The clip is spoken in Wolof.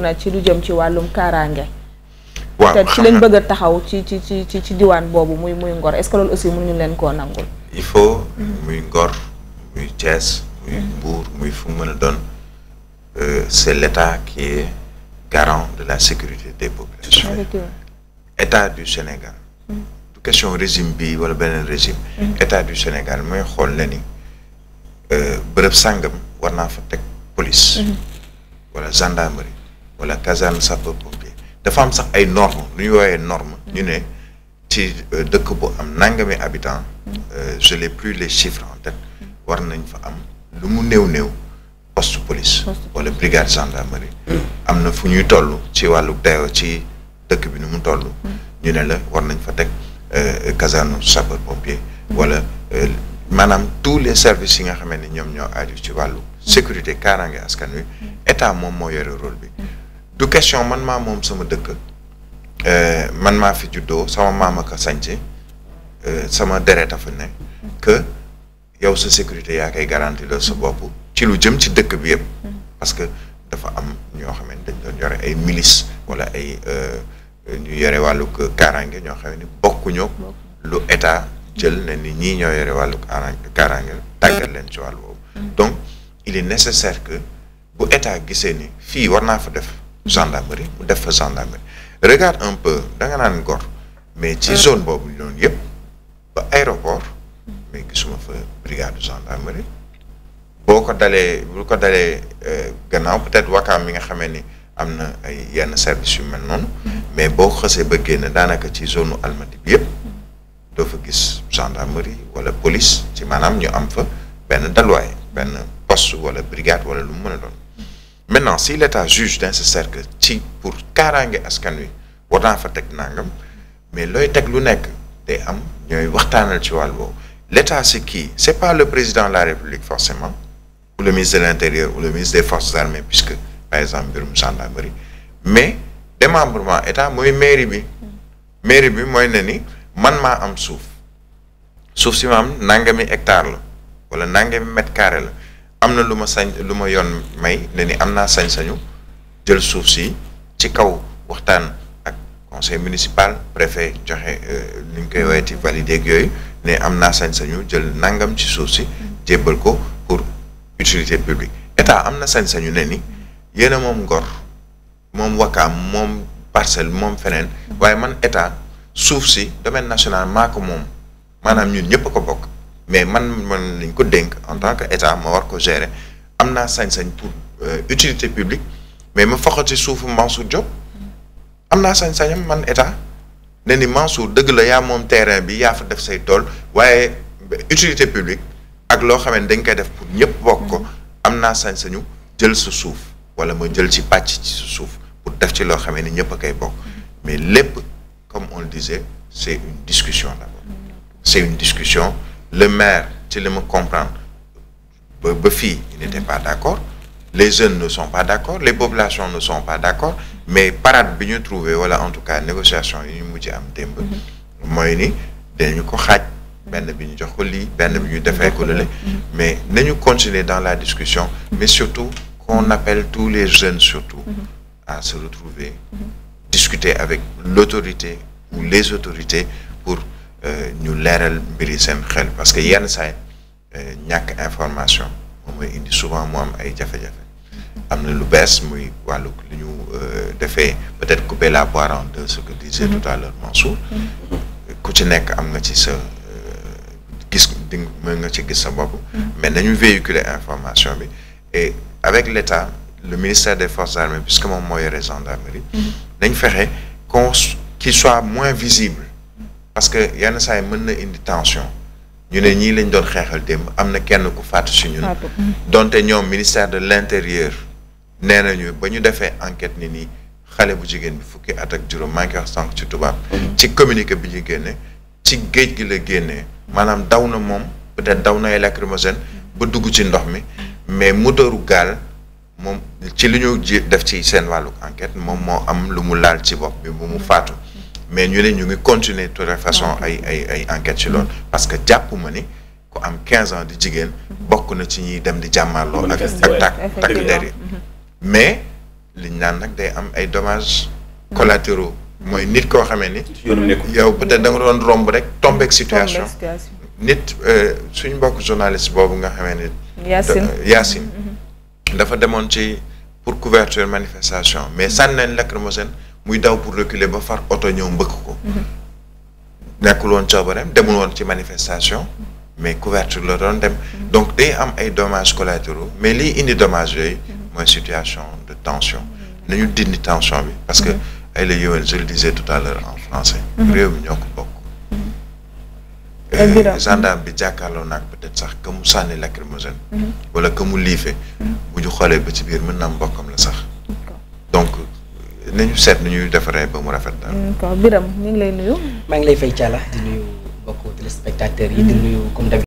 na ci lu jëm ci wàllum kaaraange. waaw te ci lañ bëgg a taxaw ci ci ci ci diwaan boobu muy muy Ngor est-ce que loolu aussi mënuñu leen ko nangul. il faut muy Ngor muy Thiès. muy mm-hmm. Mbour muy fu mën a doon euh, c'est l'État qui est garant de la sécurité des populations. État du Sénégal. Mm-hmm. du question régime bi wala beneen régime. Mm-hmm. État du Sénégal mooy xool na euh, bërëb sàngam war naa fa teg police. wala gendarmerie. wala caserne sapeur-pompier dafa am sax ay normes lu ñu woowee norme ñu ne ci euh, dëkk bu am nangami habitants euh, je les plus les chiffres en tête war nañ fa am lu mu néew-néew poste police wala brigade gendarmerie am na fu ñuy toll ci wàllu dayoo ci dëkk bi nu mu toll hmm. ñu ne la war nañ fa teg euh, caserne sapeur pompier wala maanaam tous les services yi nga xamee ni ñoom ñoo aju ci wàllu sécurité kaaraange askan wi hmm. état moom moo yore rôle bi du question man maa moom sama dëkk euh, man maa fi juddoo sama maam ak a sañce euh, sama deret a fa ne que yow sa sécurité yaa koy garanti la su bopp ci lu jëm ci dëkk bi yëpp parce que dafa am ñoo xam ne dañ doon yore ay milice wala ay euh, ñu yore wàllu kaaraange ñoo xam ne bokkuñu lu état jël na ni ñii ñoo yore wàllu kaaraange tàggal leen ci wàllu boobu donc il est nécessaire que bu état gisee ni fii war naa fa def gendarmerie mu def fa gendarmerie regarde un peu da naan gor mais ci zone boobu noonu yëpp ba aéroport mais gisuma fa brigade gendarmerie boo ko dalee bu ko dalee euh, gannaaw peut-être wakaam mi nga xamee ni am na ay yenn service yu mel noonu mm-hmm. mais boo xësee ba génn daanaka ci zone almadi bi yëpp mm-hmm. doo fa gis gendarmerie wala police ci maanaam ñu am fa benn dalwaay benn post wala brigade wala lu mu mën a doon maintenant si l'état juge dans ce cercle ci pour kaaraange askan wi war naa fa teg nangam mais looy teg lu nekk day am ñooy waxtaanal ci wàll boobu l'état c'est qui c'est pas le président de la république forcément ou le ministre de l'intérieur ou le ministre des forces armées puisque par exemple mbirum gendarmerie mais démembrement état mooy mairie bi mairie bi mooy ne ni man ma am suuf suuf si ma am nangami hectare la wala nangami mètre carré la am na lu ma sañ lu ma yoon may ne ni am naa sañ-sañu jël suuf si ci kaw waxtaan ak conseil municipal préfet joxe lu euh, ñu koy woyati validé ak yooyu ne am naa sañ-sañu jël nangam ci suuf si jébbal ko pour utilité publique état am na sañ-sañu ne ni yéen a moom Ngor moom Wakaam moom parcelle moom feneen waaye man état suuf si domaine national maa ko moom maanaam ñun ñëpp ko bokk mais man man lañ ko dénk en tant que état ma war ko gérer am naa sañ-sañ pour euh, utilité publique mais ma faxati suufu Mansour Diop am naa sañ-sañam man état ne ni Mansour dëgg la yaa moom terrain bi yaa fa def say tool waaye utilité publique ak loo xam ne dañ koy def pour ñëpp bokk ko mm-hmm. am naa sañ-sañu jël sa suuf wala ma jël ci pàcc ci sa suuf pour def ci loo xam ne ñëpp a koy bokk mm-hmm. mais lépp comme on le disait c'est une discussion d'abord mm-hmm. c'est une discussion le maire ci le ma comprendre ba ba fii il n'était mhm. pas d'accord les jeunes ne sont pas d'accord les populations ne sont pas d'accord mais parade bi ñu trouvé wala en tout cas négociation yi ñu mujj am démb mhm. mooy ni dañu ko xaaj benn bi ñu jox ko lii benn bi ñu mhm. defee ko lële mais nañu continuer dans la discussion mais surtout qu'on appelle tous les jeunes surtout à se retrouver discuter avec l'autorité ou les autorités Euh, ñu leeral mbiri seen xel parce que yenn saay euh, ñàkk information moom mooy indi souvent mu am ay jafe-jafe am na lu bees muy wàllu li ñu euh, defee peut-être couper la poire deux ce que disait mm-hmm. tout à l'heure Mansour mm-hmm. ku ci nekk am nga ci sa gis di nga ci gis sa bopp mm-hmm. mais nañu véhiculer information bi et avec l'État le ministère des forces armées puisque moom moo yore gendarmerie nañ fexe qu'on qu'il soit moins visible parce que yenn saa yi mën na indi tension ñu ne ñii lañ doon xeexal démb am na kenn ku faatu si ñun. donte ñoom ministère de l' intérieur nee nañu ba ñu defee enquête ni nii xale bu jigéen bi fukki at ak juróom maa ngi wax sànq ci tubaab. ci communiqué bi ñu génne ci géej gi la génnee. maanaam daw na moom peut-être daw na ay lacrymogène ba dugg ci ndox mi mais moteuru gaal moom ci li ñu def ci seen wàllu enquête moom moo am lu mu laal ci bopp bi bu mu faatu. mais ñu ne ñu ngi continuer de toute façon ay ay ay enquête ci loolu mm-hmm. parce que jàpp ma ni ku am 15 ans di jigéen mm-hmm. bokk na ci ñuy dem di jàmmaarloo ak ak takk takk der mm-hmm. mais liñ naan nag day am ay dommages collatéraux mooy nit koo xamee ni yow peut-être da doon romb rek tombeek situation nit euh, suñ mbokk journaliste boobu nga xamee ni Yacine dafa demoon ci pour couverture manifestation mais sànni nañ lacrymogène muy daw pour reculer ba far oto ñëw mbëkk ko nekkul woon coobareem demul woon ci manifestation mais couverture la doon dem donc day am ay dommages collatéraux mais lii indi domage yooyu mooy situation de tension nañu dindi tension bi parce que ay la yowén je le disais tout à l'heure en français réew mi ñoo ko bokk gendarme bi jàkkaarloo naag peut-être sax que mu sànni lacrymogène mhm. wala que mu liife mhm. bu ñu xoolee ba ci biir mën na am mbokkam la sax nañu seet nu ñuy defaree ba mu rafet. d'accord Birame ñu ngi lay nuyu. maa ngi lay fay Thiala di nuyu mbokku téléspectateurs yi. di nuyu comme def